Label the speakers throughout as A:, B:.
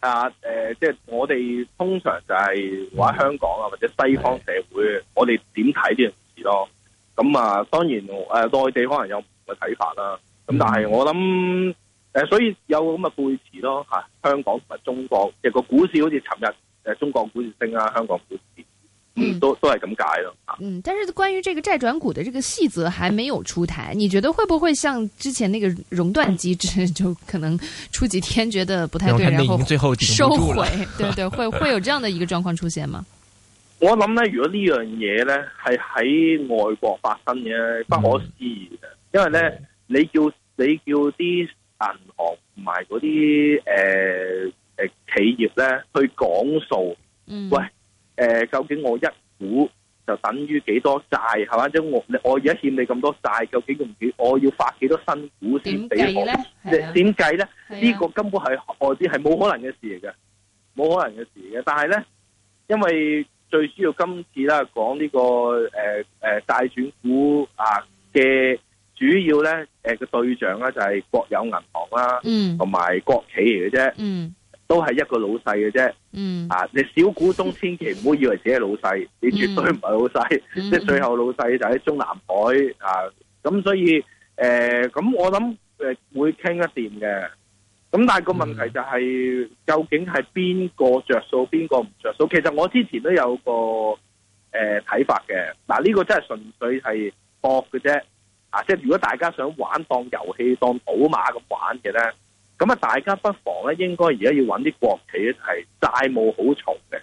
A: 啊，誒、呃，即係我哋通常就係話香港啊，或者西方社會，我哋點睇呢件事咯？咁啊，當然誒、呃，內地可能有唔同嘅睇法啦。咁但係我諗誒、呃，所以有咁嘅背馳咯。吓、啊，香港同埋中國，即係個股市好，好似尋日誒，中國股市升啦，香港股市。嗯，都都係咁解咯。嗯，
B: 但是關於這個債轉股的這個細則還沒有出台，你覺得會不會像之前那個熔斷機制，就可能出幾天覺得不太對，嗯、然後最後收回？嗯、對，對對，會會有這樣的一個狀況出現嗎？
A: 我諗呢，如果呢樣嘢呢係喺外國發生嘅，不可思議嘅，因為呢，你叫你叫啲銀行同埋嗰啲誒誒企業呢去講數，嗯，喂。嗯誒、呃，究竟我一股就等於幾多債？係或、就是、我我而家欠你咁多債，究竟用幾？我要發幾多新股先俾我？點計咧？啊、計呢是、啊、這個根本係外資係冇可能嘅事嚟嘅，冇可能嘅事嘅。但係咧，因為最主要今次啦、這個，講呢個誒誒債轉股啊嘅主要咧誒嘅對象咧就係國有銀行啦、啊，同埋、嗯、國企嚟嘅啫。嗯都係一個老細嘅啫，嗯啊，你小股東千祈唔好以為自己係老細，你絕對唔係老細，即係、嗯、 最後老細就喺中南海啊，咁所以誒，咁、呃、我諗誒會傾一掂嘅，咁但係個問題就係、是嗯、究竟係邊個着數，邊個唔着數？其實我之前都有個誒睇、呃、法嘅，嗱、啊、呢、這個真係純粹係博嘅啫，啊，即係如果大家想玩當遊戲、當賭馬咁玩嘅咧。咁啊，大家不妨咧，應該而家要揾啲國企咧，係債務好重嘅，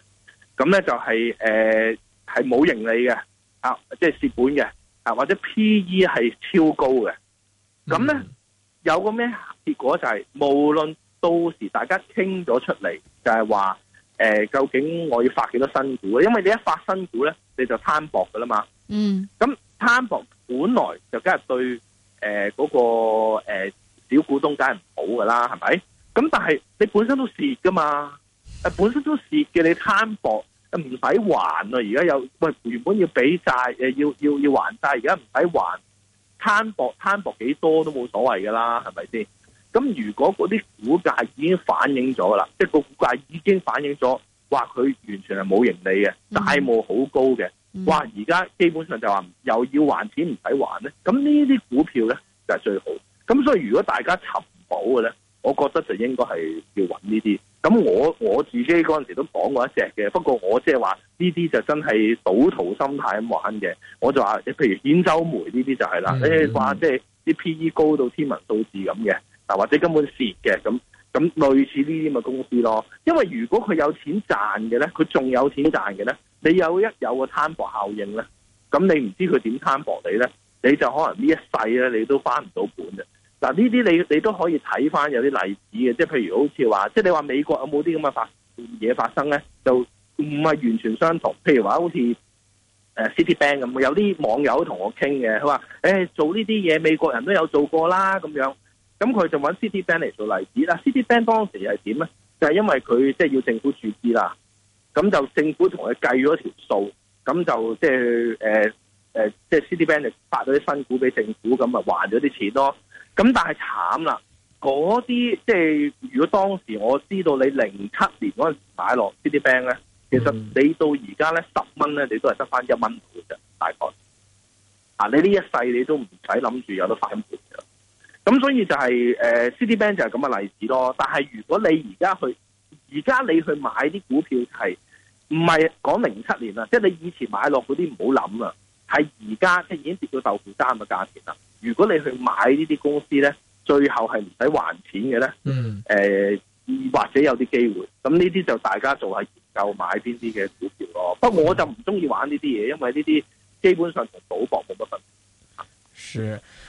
A: 咁咧就係係冇盈利嘅，啊，即係蝕本嘅，啊或者 P E 係超高嘅，咁咧、嗯、有個咩結果就係、是、無論到時大家傾咗出嚟，就係話究竟我要發幾多新股，因為你一發新股咧，你就攤薄噶啦嘛。嗯，咁攤薄本來就梗係對嗰、呃那個、呃小股東梗係唔好噶啦，係咪？咁但係你本身都蝕噶嘛，誒本身都蝕嘅，你攤薄唔使還啊！而家又喂原本要俾債誒，要要要還債，而家唔使還，攤薄攤薄幾多都冇所謂噶啦，係咪先？咁如果嗰啲股價已經反映咗啦，即係個股價已經反映咗，話佢完全係冇盈利嘅，嗯，債務好高嘅，話而家基本上就話又要還錢唔使還咧，咁呢啲股票咧就係最好。咁所以如果大家尋寶嘅咧，我覺得就應該係要揾呢啲。咁我我自己嗰陣時都講過一隻嘅，不過我即係話呢啲就真係賭徒心態咁玩嘅。我就話，譬如兗州煤呢啲就係啦，嗯、你話即係啲 P E 高到天文數字咁嘅，嗱或者根本蝕嘅咁，咁類似呢啲嘅公司咯。因為如果佢有錢賺嘅咧，佢仲有錢賺嘅咧，你有一有個攤薄效應咧，咁你唔知佢點攤薄你咧，你就可能呢一世咧你都翻唔到本嘅。嗱呢啲你你都可以睇翻有啲例子嘅，即係譬如好似話，即係你話美國有冇啲咁嘅發嘢發生咧？就唔係完全相同。譬如話好似誒 Citibank 咁，有啲網友同我傾嘅，佢話：誒、欸、做呢啲嘢美國人都有做過啦咁樣。咁佢就揾 Citibank 嚟做例子啦。Citibank 當時又係點咧？就係、是、因為佢即係要政府注資啦，咁就政府同佢計咗條數，咁就即係誒誒，即、就、係、是呃就是、Citibank 就發咗啲新股俾政府，咁咪還咗啲錢咯。咁但係慘啦，嗰啲即係如果當時我知道你零七年嗰陣時買落呢啲 Citibank 咧，其實你到而家咧十蚊咧，你都係得翻一蚊半嘅，大概。啊，你呢一世你都唔使諗住有得返本嘅。咁所以就係誒，Citibank 就係咁嘅例子咯。但係如果你而家去，而家你去買啲股票係唔係講零七年啊？即係你以前買落嗰啲唔好諗啊，係而家即係已經跌到豆腐渣嘅價錢啦。如果你去買呢啲公司咧，最後係唔使還錢嘅
C: 咧，
A: 誒、嗯呃、或者有啲機會，咁呢啲就大家做下研究買邊啲嘅股票咯。不過我就唔鍾意玩呢啲嘢，因為呢啲基本上同賭博冇乜分別。
B: 是。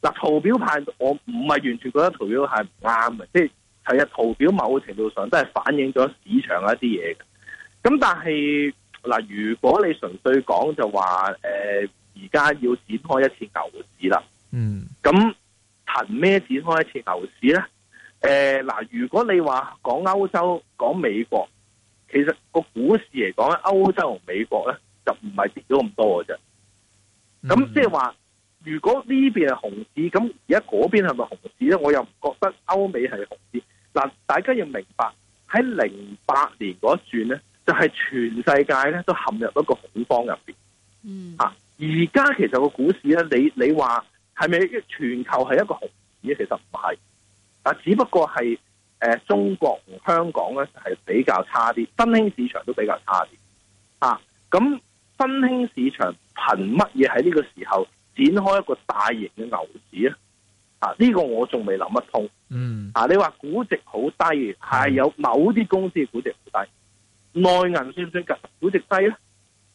A: 嗱圖表派，我唔係完全覺得圖表係唔啱嘅，即係係啊，圖表某程度上都係反映咗市場一啲嘢嘅。咁但係嗱，如果你純粹講就話，誒而家要展開一次牛市啦，嗯，咁憑咩展開一次牛市咧？誒、呃、嗱，如果你話講歐洲、講美國，其實個股市嚟講咧，歐洲同美國咧就唔係跌咗咁多嘅啫。咁即係話。如果呢邊係熊市，咁而家嗰邊係咪熊市咧？我又唔覺得歐美係熊市。嗱，大家要明白喺零八年嗰一轉咧，就係全世界咧都陷入一個恐慌入邊。嗯，嚇，而家其實個股市咧，你你話係咪全球係一個熊市咧？其實唔係，啊，只不過係誒中國同香港咧係比較差啲，新興市場都比較差啲。嚇，咁新興市場憑乜嘢喺呢個時候展開一個大型嘅牛市啊！啊，呢、這個我仲未諗得通。嗯，嗱，你話估值好低係，有某啲公司估值好低，內銀算唔算價？估值低咧，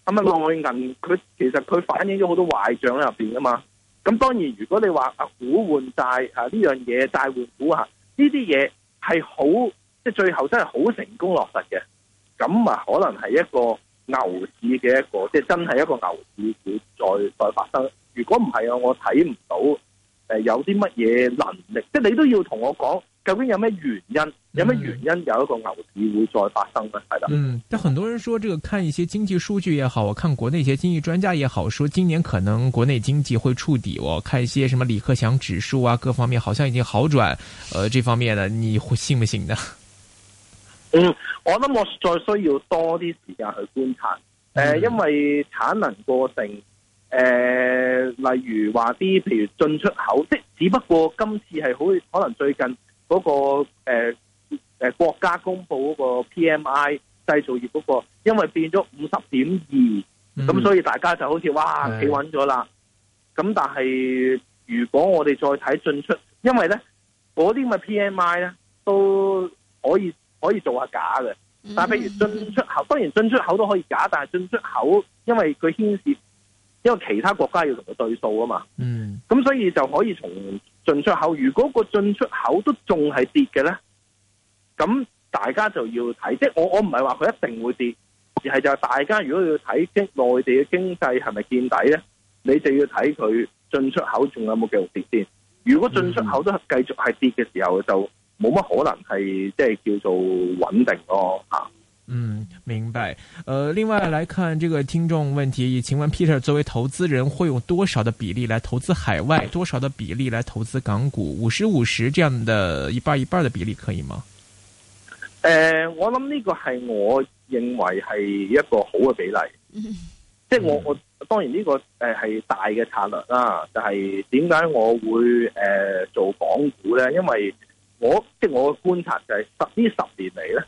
A: 係咪內銀佢其實佢反映咗好多壞賬喺入邊㗎嘛？咁當然，如果你話啊股換債啊呢樣嘢，債換股啊呢啲嘢係好即係最後真係好成功落實嘅，咁啊可能係一個牛市嘅一個即係、就是、真係一個牛市會再再發生。如果唔係啊，我睇唔到誒，有啲乜嘢能力？即係你都要同我講，究竟有咩原因？有咩原因有一個牛市會再發生咧？係啦。
B: 嗯，但很多人說，這個看一些經濟數據也好，我看國內一些經濟專家也好，說今年可能國內經濟會觸底。我看一些什麼李克強指數啊，各方面好像已經好轉。呃，這方面呢，你會信唔信呢？嗯，
A: 我諗我再需要多啲時間去觀察誒，嗯呃，因為產能過剩。誒、呃，例如話啲，譬如進出口，即只不過今次係好可能最近嗰個誒誒、呃、國家公布嗰個 PMI 製造業嗰個，因為變咗五十點二，咁所以大家就好似哇企穩咗啦。咁的但係如果我哋再睇進出，因為咧嗰啲咁嘅 PMI 咧都可以可以做下假嘅，但係譬如進出口，當然進出口都可以假，但係進出口因為佢牽涉。因為其他國家要同佢對數啊嘛，咁、嗯、所以就可以從進出口。如果個進出口都仲係跌嘅咧，咁大家就要睇。即係我我唔係話佢一定會跌，而係就係大家如果要睇即內地嘅經濟係咪見底咧，你就要睇佢進出口仲有冇繼續跌先。如果進出口都係繼續係跌嘅時候，就冇乜可能係即係叫做穩定咯嚇。啊。
B: 嗯，明白。呃，另外來看這個聽眾問題，請問 Peter 作為投資人會用多少的比例來投資海外，多少的比例來投資港股？五十五十這樣的一半一半的比例可以嗎？
A: 誒、呃，我諗呢個係我認為係一個好嘅比例， 即係我我當然呢個誒係大嘅策略啦、啊。就係點解我會誒、呃、做港股呢？因為我即係我的觀察就係十呢十年嚟呢。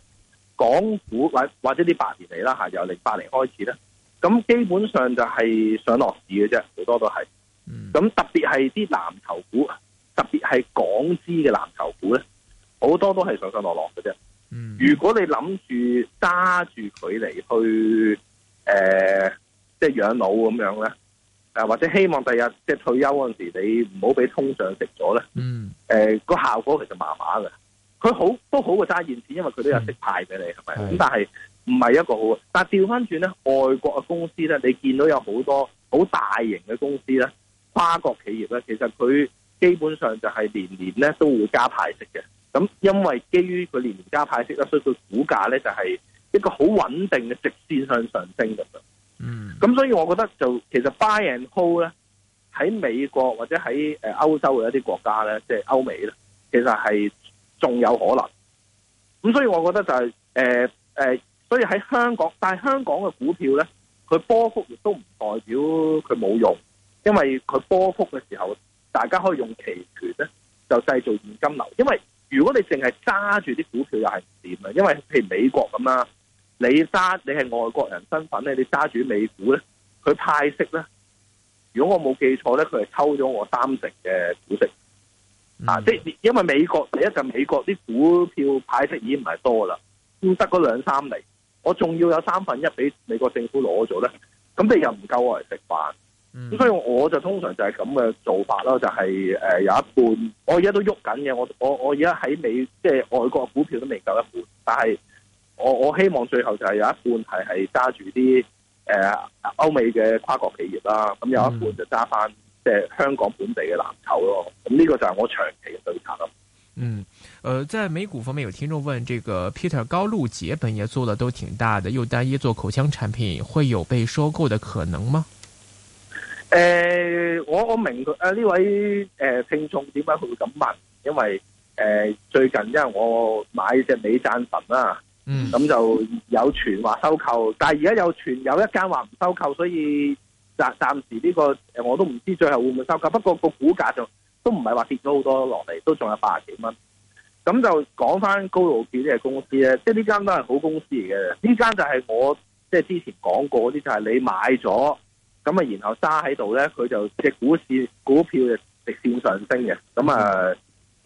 A: 港股或或者呢八年嚟啦吓，由零八年開始咧，咁基本上就係上落市嘅啫，好多都係。咁、嗯、特別係啲藍籌股，特別係港資嘅藍籌股咧，好多都係上上落落嘅啫。嗯、如果你諗住揸住佢嚟去誒，即係養老咁樣咧，啊或者希望第日即係、就是、退休嗰陣時你唔好俾通脹食咗
C: 咧，
A: 誒、嗯呃個效果其實麻麻嘅。佢好都好過揸現錢，因為佢都有息派俾你，係咪？咁是的 但係唔係一個好，但係調翻轉咧，外國嘅公司咧，你見到有好多好大型嘅公司咧，跨國企業咧，其實佢基本上就係年年咧都會加派息嘅。咁因為基於佢年年加派息啦，所以佢股價咧就係一個好穩定嘅直線向上升咁樣。嗯。咁所以我覺得就其實 buy and hold 咧，喺美國或者喺誒歐洲嘅一啲國家咧，即係歐美咧，其實係。仲有可能，咁所以我覺得就係誒誒，所以喺香港，但係香港嘅股票咧，佢波幅亦都唔代表佢冇用，因為佢波幅嘅時候，大家可以用期權咧，就製造現金流。因為如果你淨係揸住啲股票又係唔掂啊。因為譬如美國咁啦，你揸你係外國人身份咧，你揸住美股咧，佢派息咧，如果我冇記錯咧，佢係抽咗我三成嘅股息。啊！即係、嗯、因為美國第一就美國啲股票派息已經唔係多啦，要得嗰兩三厘，我仲要有三分一俾美國政府攞咗咧，咁你又唔夠我嚟食飯，咁、嗯、所以我就通常就係咁嘅做法咯，就係、是、誒有一半，我而家都喐緊嘅，我我我而家喺美即係、就是、外國股票都未夠一半，但係我我希望最後就係有一半係係揸住啲誒歐美嘅跨國企業啦，咁、嗯、有一半就揸翻。即係香港本地嘅籃球咯，咁呢個就係我長期嘅對策咯。嗯，誒、
B: 呃，在美股方面，有聽眾問：，這個 Peter 高露潔，本業做得都挺大的，又單一做口腔產品，會有被收購的可能嗎？
A: 誒、呃，我我明佢誒呢位誒、呃、聽眾點解佢會咁問？因為誒、呃、最近因為我買隻美贊臣啦、啊，嗯，咁就有傳話收購，但係而家有傳有一間話唔收購，所以。暫暫時呢、這個誒，我都唔知最後會唔會收購，不過個股價就都唔係話跌咗好多落嚟，都仲有八十幾蚊。咁就講翻高路片呢隻公司咧，即係呢間都係好公司嚟嘅。呢間就係我即係之前講過嗰啲，就係、是、你買咗咁啊，然後揸喺度咧，佢就隻股市股票就直線上升嘅。咁啊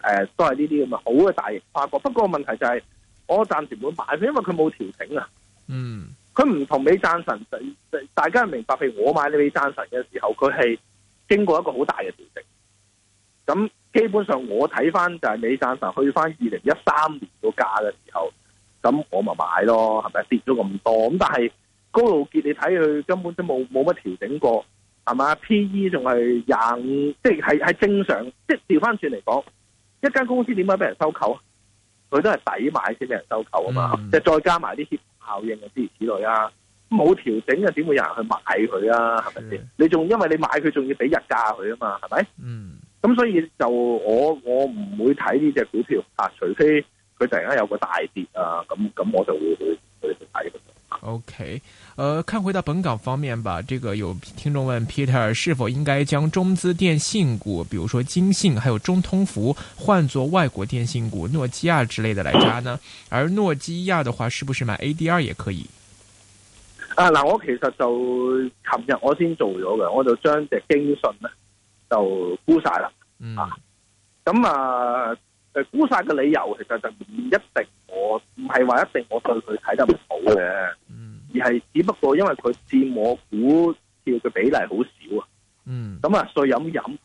A: 誒，都係呢啲咁啊，好嘅大型跨國。不過問題就係、是、我暫時唔會買，因為佢冇調整啊。嗯。佢唔同美贊臣，大大家明白。譬如我買呢美贊臣嘅時候，佢係經過一個好大嘅調整。咁基本上我睇翻就係美贊臣去翻二零一三年個價嘅時候，咁我咪買咯，係咪跌咗咁多？咁但係高露潔，你睇佢根本都冇冇乜調整過，係嘛？P E 仲係廿五，即係係正常。即係調翻轉嚟講，一間公司點解俾人收購啊？佢都係抵買先俾人收購啊嘛，嗯、即係再加埋啲 hit 效應啊，諸如此類啊，冇調整啊，點會有人去買佢啊？係咪先？你仲因為你買佢，仲要俾日價佢啊嘛？係咪？嗯，咁所以就我我唔會睇呢隻股票啊，除非佢突然間有個大跌啊，咁咁我就會去去
B: 睇。OK，呃、看回到本港方面吧。這個有聽眾問 Peter 是否應該將中資電信股，比如說金信，還有中通服換作外國電信股，諾基亞之類的來揸呢？而諾基亞的話，是不是買 ADR 也可以？
A: 啊，嗱，我其實就琴日我先做咗嘅，我就將隻京信呢，就沽晒啦。嗯、啊，咁、呃、啊，誒，沽晒嘅理由其實就唔一定。我唔係話一定我對佢睇得唔好嘅，嗯、而係只不過因為佢佔我股票嘅比例好少啊。咁啊、嗯，再飲飲，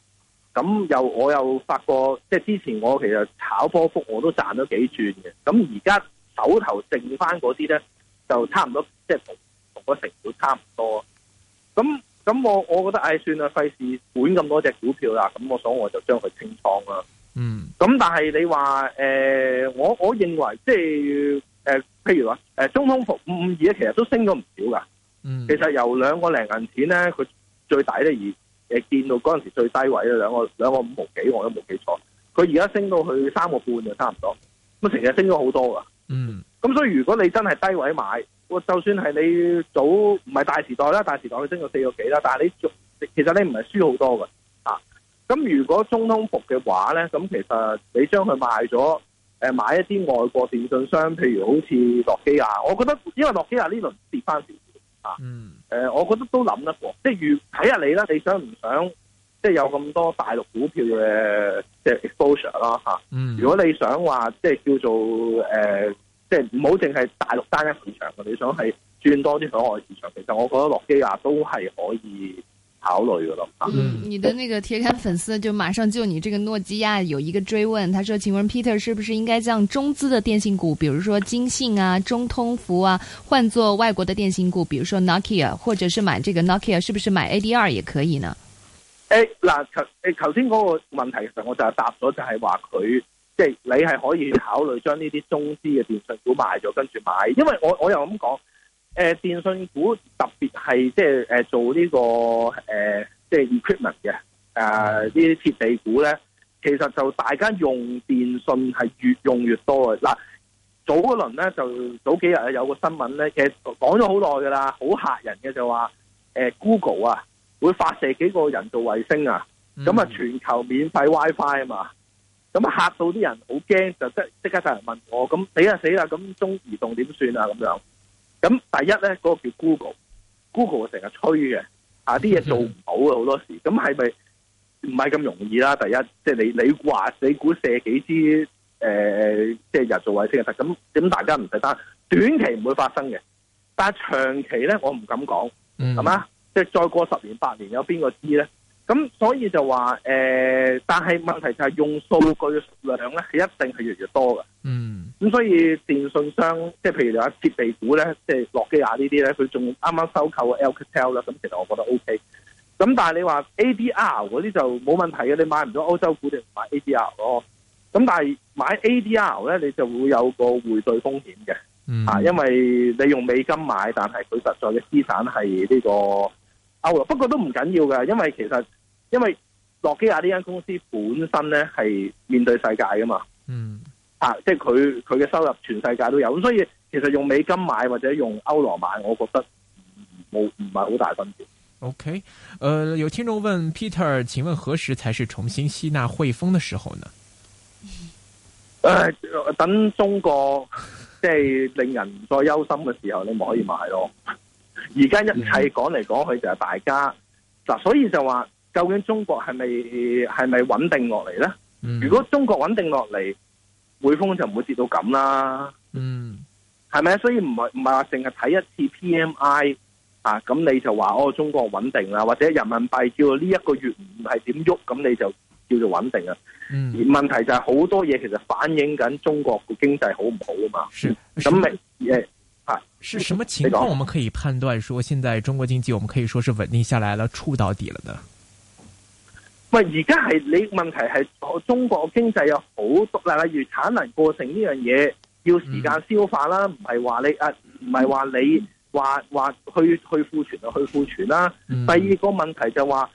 A: 咁又我又發覺，即係之前我其實炒波幅我都賺咗幾轉嘅。咁而家手頭剩翻嗰啲咧，就差唔多即係同嗰成本差唔多。咁、就、咁、是、我我覺得唉、哎，算啦，費事管咁多隻股票啦。咁我想我就將佢清倉啦。嗯，咁但係你話誒、呃，我我認為即係誒、呃，譬如話誒、呃，中通服五五二咧，5, 5, 其實都升咗唔少噶。嗯，其實由兩個零銀錢咧，佢最低咧而誒見到嗰陣時最低位咧，兩個兩個五毫幾，我都冇記錯。佢而家升到去三個半就差唔多，咁成日升咗好多噶。嗯，咁所以如果你真係低位買，就算係你早唔係大時代啦，大時代佢升到四個幾啦，但係你其實你唔係輸好多噶。咁如果中通服嘅話咧，咁其實你將佢賣咗，誒買一啲外國電信商，譬如好似諾基亞，我覺得因為諾基亞呢輪跌翻少少吓，誒、mm. 我覺得都諗得過，即係如睇下你啦，你想唔想即係有咁多大陸股票嘅即係 exposure 啦。吓、mm.，如果你想話即係叫做誒、呃，即係唔好淨係大陸單一市場，你想係轉多啲海外市場，其實我覺得諾基亞都係可以考慮
C: 噶
B: 咯。啊、嗯，你的那個鐵杆粉絲就馬上就你，這個諾基亞有一個追問，他說：請問 Peter 是不是應該將中資的電信股，比如說金信啊、中通服啊，換作外國的電信股，比如說 Nokia，、ok、或者是買這個 Nokia，、ok、是不是買 ADR 也可以呢？誒、
A: 哎，嗱，頭誒，頭先嗰個問題其實我就係答咗，就係話佢即係你係可以考慮將呢啲中資嘅電信股賣咗，跟住買，因為我我又咁講。誒，電信股特別係即係誒做呢、這個誒即係 equipment 嘅啊，啲、呃就是呃、設備股咧，其實就大家用電信係越用越多嘅。嗱，早嗰輪咧就早幾日咧有個新聞咧，其實講咗好耐噶啦，好嚇人嘅就話誒、呃、Google 啊會發射幾個人造衛星啊，咁啊、嗯、全球免費 WiFi 啊嘛，咁啊嚇到啲人好驚，就即即刻就有人問我，咁、哦、死啦死啦，咁中移動點算啊咁樣。咁第一咧，嗰、那個叫 Google，Google 成日吹嘅，啊啲嘢做唔到嘅好多時，咁係咪唔係咁容易啦、啊？第一，即、就、係、是、你你話你估射幾支誒，即係入做衛星先得，咁、就、咁、是、大家唔使擔心，短期唔會發生嘅，但係長期咧，我唔敢講，係嘛、嗯？即、就、係、是、再過十年八年，有邊個知咧？咁所以就話誒、呃，但係問題就係用數據嘅數量咧，係一定係越來越多嘅。
C: 嗯，
A: 咁所以電信商即係譬如你話設備股咧，即係諾基亞呢啲咧，佢仲啱啱收購 Alcatel 啦。咁其實我覺得 O、OK、K。咁但係你話 A D R 嗰啲就冇問題嘅，你買唔到歐洲股定買 A D R 咯。咁但係買 A D R 咧，你就會有個匯兌風險嘅。啊、嗯，因為你用美金買，但係佢實在嘅資產係呢、這個。歐，不過都唔緊要噶，因為其實因為諾基亞呢間公司本身咧係面對世界噶嘛，嗯，啊，即係佢佢嘅收入全世界都有，咁所以其實用美金買或者用歐羅買，我覺得冇唔係好大分別。
B: OK，誒、呃，有聽眾問 Peter，請問何時才是重新吸納匯豐的時候呢？誒、
A: 呃，等中國即係、就是、令人唔再憂心嘅時候，你咪可以買咯。而家一切講嚟講去就係大家嗱，所以就話究竟中國係咪係咪穩定落嚟咧？
C: 嗯、如果
A: 中國穩定落嚟，匯豐就唔會跌到咁啦。嗯，係咪？所以唔係唔係話淨係睇一次 PMI 啊？咁你就話哦，中國穩定啦，或者人民幣叫做呢一個月唔係點喐，咁你就叫做穩定啦。嗯，而問題就係好多嘢其實反映緊中國嘅經濟好唔好啊嘛。是，咁明嘅。
B: 是什麼情況我們可以判斷說，現在中國經濟我們可以說是穩定下來了，觸到底了呢？
A: 喂，而家係你問題係，中國經濟有好多，例如產能過剩呢樣嘢，要時間消化啦，唔係話你啊，唔係話你話話去去庫存啊，去庫存啦。嗯、第二個問題就話、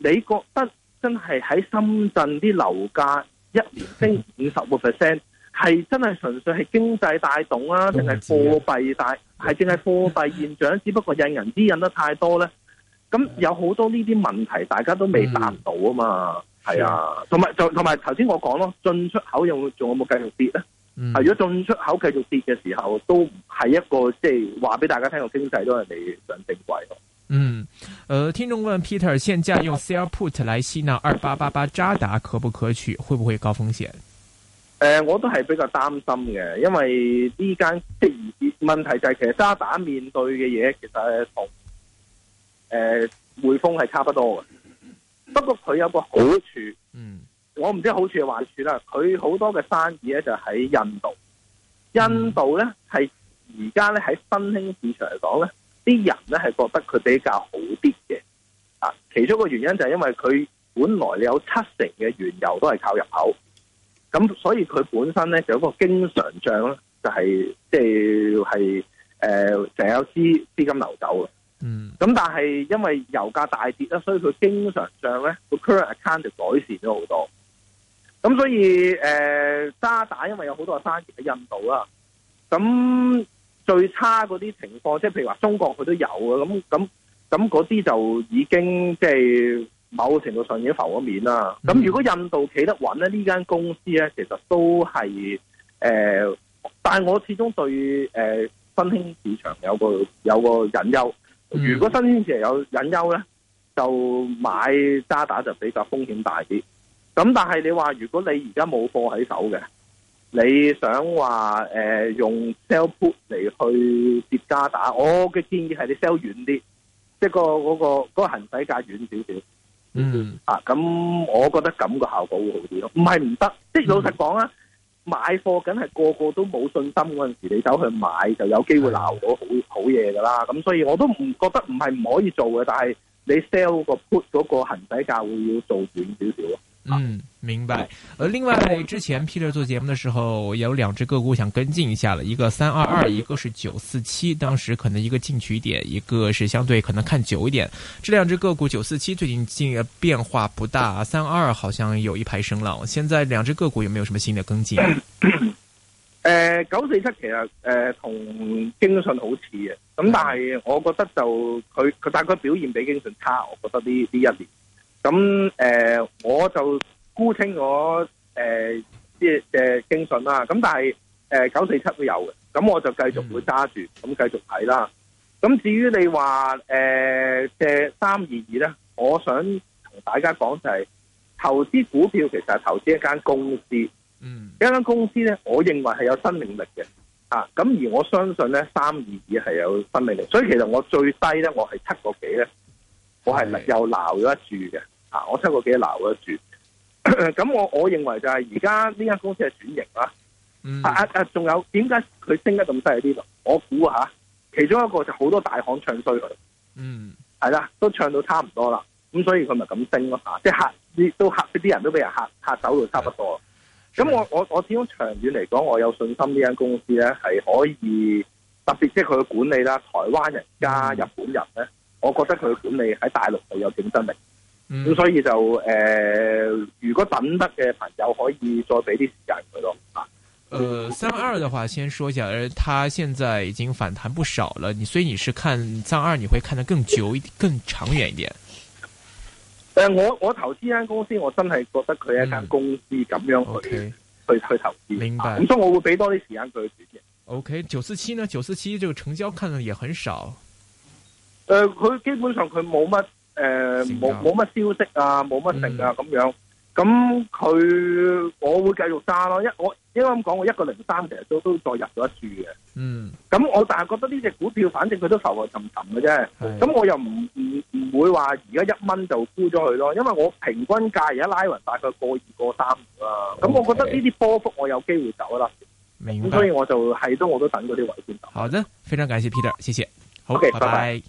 A: 是，你覺得真係喺深圳啲樓價一年升五十個 percent？係真係純粹係經濟帶動啊，定係貨幣帶？係淨係貨幣現象， 只不過引人之引得太多咧。咁有好多呢啲問題，大家都未答到啊嘛。係、嗯、啊，同埋就同埋頭先我講咯，進出口又仲有冇繼續跌
C: 咧？嗯、如果
A: 進出口繼續跌嘅時候，都係一個即係話俾大家聽個經濟都係你上正軌咯。嗯，
B: 誒、呃，聽眾問 Peter，現在用 Sell Put 嚟吸納二八八八渣打可不可取？會唔會高風險？
A: 誒、呃，我都係比較擔心嘅，因為呢間即係問題就係，其實渣打面對嘅嘢其實係同誒匯豐係差不多嘅。不過佢有個好處，嗯，我唔知好處係壞處啦。佢好多嘅生意咧就喺印度，印度咧係而家咧喺新興市場嚟講咧，啲人咧係覺得佢比較好啲嘅。啊，其中一個原因就係因為佢本來你有七成嘅原油都係靠入口。咁所以佢本身咧就有一個經常帳咧、就是，就係即係係誒，成、呃、有資資金流走嘅。嗯。咁但係因為油價大跌啦，所以佢經常帳咧個 current account 就改善咗好多。咁所以誒，渣、呃、打因為有好多生意喺印度啦。咁最差嗰啲情況，即係譬如話中國佢都有嘅。咁咁咁嗰啲就已經即係。就是某程度上已經浮咗面啦。咁如果印度企得穩咧，呢間公司咧其實都係誒、呃，但係我始終對誒、呃、新興市場有個有個隱憂。如果新興市場有隱憂咧，就買渣打就比較風險大啲。咁但係你話如果你而家冇貨喺手嘅，你想話誒、呃、用 sell put 嚟去接渣打，我嘅建議係你 sell 遠啲，即、就、係、個嗰、個嗰、個行使價遠少少。嗯，啊，咁我覺得咁個效果會好啲咯，唔係唔得，即係老實講啊，買貨梗係個個都冇信心嗰陣時，你走去買就有機會鬧到好好嘢噶啦，咁所以我都唔覺得唔係唔可以做嘅，但係你 sell 個 put 嗰個行使價會要做短少少咯。
C: 嗯，
B: 明白。呃，另外，之前 Peter 做節目的時候，有兩隻個股想跟進一下了，一個三二二，一個是九四七。當時可能一個進取點，一個是相對可能看久一點。這兩隻個股九四七最近進變化不大，三二二好像有一排升浪。現在兩隻個股有沒有什麼新的跟進？誒、
A: 呃，九四七其實誒同京信好似嘅，咁但係我覺得就佢佢大概表現比京信差，我覺得呢呢一年。咁誒、呃，我就沽清我誒即係經訊啦。咁但係誒九四七都有嘅，咁我就繼續會揸住，咁繼續睇啦。咁至於你話誒借三二二咧，我想同大家講就係、是、投資股票其實係投資一間公司，嗯，一間公司咧，我認為係有生命力嘅，啊，咁而我相信咧三二二係有生命力，所以其實我最低咧，我係七個幾咧，對 我係又鬧咗一注嘅。啊！我抽個幾粒都住，咁 我我認為就係而家呢間公司係轉型啦、啊嗯啊。啊啊啊！仲有點解佢升得咁犀利啲？我估嚇，其中一個就好多大行唱衰佢。嗯，係啦，都唱到差唔多啦。咁所以佢咪咁升咯、啊啊、嚇，即係嚇啲都嚇啲人，都俾人都嚇嚇走到差唔多。咁的、啊、我我我始終長遠嚟講，我有信心呢間公司咧係可以特別，即係佢嘅管理啦。台灣人加日本人咧，我覺得佢嘅管理喺大陸就有競爭力。咁、嗯嗯、所以就誒、呃、如果等得嘅朋友可以再俾啲時間佢
B: 咯啊，三二嘅話先說一下，而他現在已經反彈不少啦。你所以你是看三二你會看得更久一點更長遠一點
A: 誒、呃、我我投資間公司我真係覺得佢係一間公司咁樣去去、嗯 okay, 去投資，明白咁、啊、所以我會俾多啲時間佢去
B: 選嘅 ok 九四七呢，九四七呢個成交看嘅也很少
A: 誒佢、呃、基本上佢冇乜誒，冇冇乜消息啊，冇乜定啊，咁、嗯、樣，咁佢我會繼續揸咯，一我應該咁講，我一個零三成日都再入咗一注嘅，嗯，咁我但係覺得呢隻股票，反正佢都浮浮沉沉嘅啫，咁的我又唔唔唔會話而家一蚊就沽咗佢咯，因為我平均價而家拉勻大概過二過三啦，咁 Okay, 我覺得呢啲波幅我有機會走啦，
B: 明白，咁所以
A: 我就係都我都等嗰啲位先走。
B: 好啫，非常感謝 Peter，謝謝，好嘅，拜拜。